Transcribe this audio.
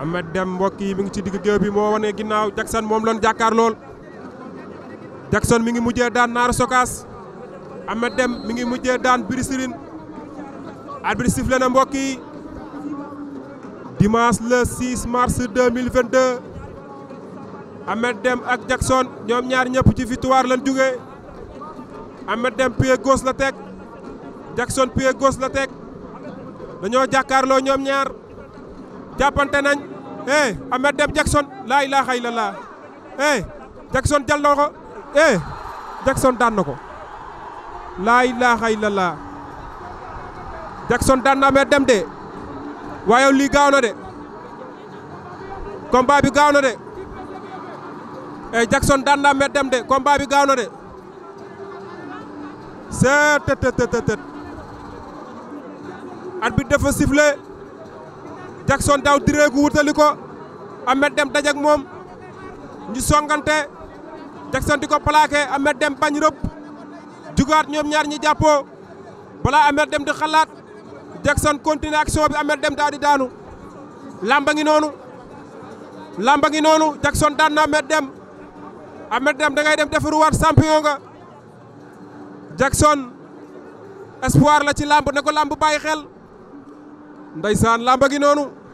amad dem mbokk yi mi ngi ci digg geew bi mo wone ginnaw Jackson mom lon jakar lol Jackson mi ngi mujjé daan nar sokas amad dem mi ngi mujjé daan brisirin arbitre sifflé na mbokk yi dimanche le 6 mars 2022 amad dem ak Jackson ñom ñaar ñepp ci victoire lañ jógee amad dem pied gauche la tek Jackson pied gauche la tek dañu jakarlo ñom ñaar. jàppante nañ eh Ahmed Deme Jackson laa ilaaha illallah eh Jackson jal na ko eh Jackson ko laa ilaaha illallah Jackson daan na Ahmed Deme de waaye lii gaaw de combat bi gaaw na de eh Jackson daan na Ahmed de combat bi gaaw de seet tët tët tët at bi dafa sifflé. Jackson daw direeku wutali ko Ahmed Dem dajak mom ñu songanté Jackson diko plaqué Ahmed Dem bañ rëbb jugaat ñom ñaar ñi jappo bala Ahmed Dem di xalaat Jackson continue action bi Ahmed Dem daal di daanu lamba ngi noonu lamba Jackson daan na Ahmed Dem Ahmed Dem da ngay dem war champion nga Jackson espoir la ci lamb ne ko lamb baye xel ndeysaan lamba gi noonu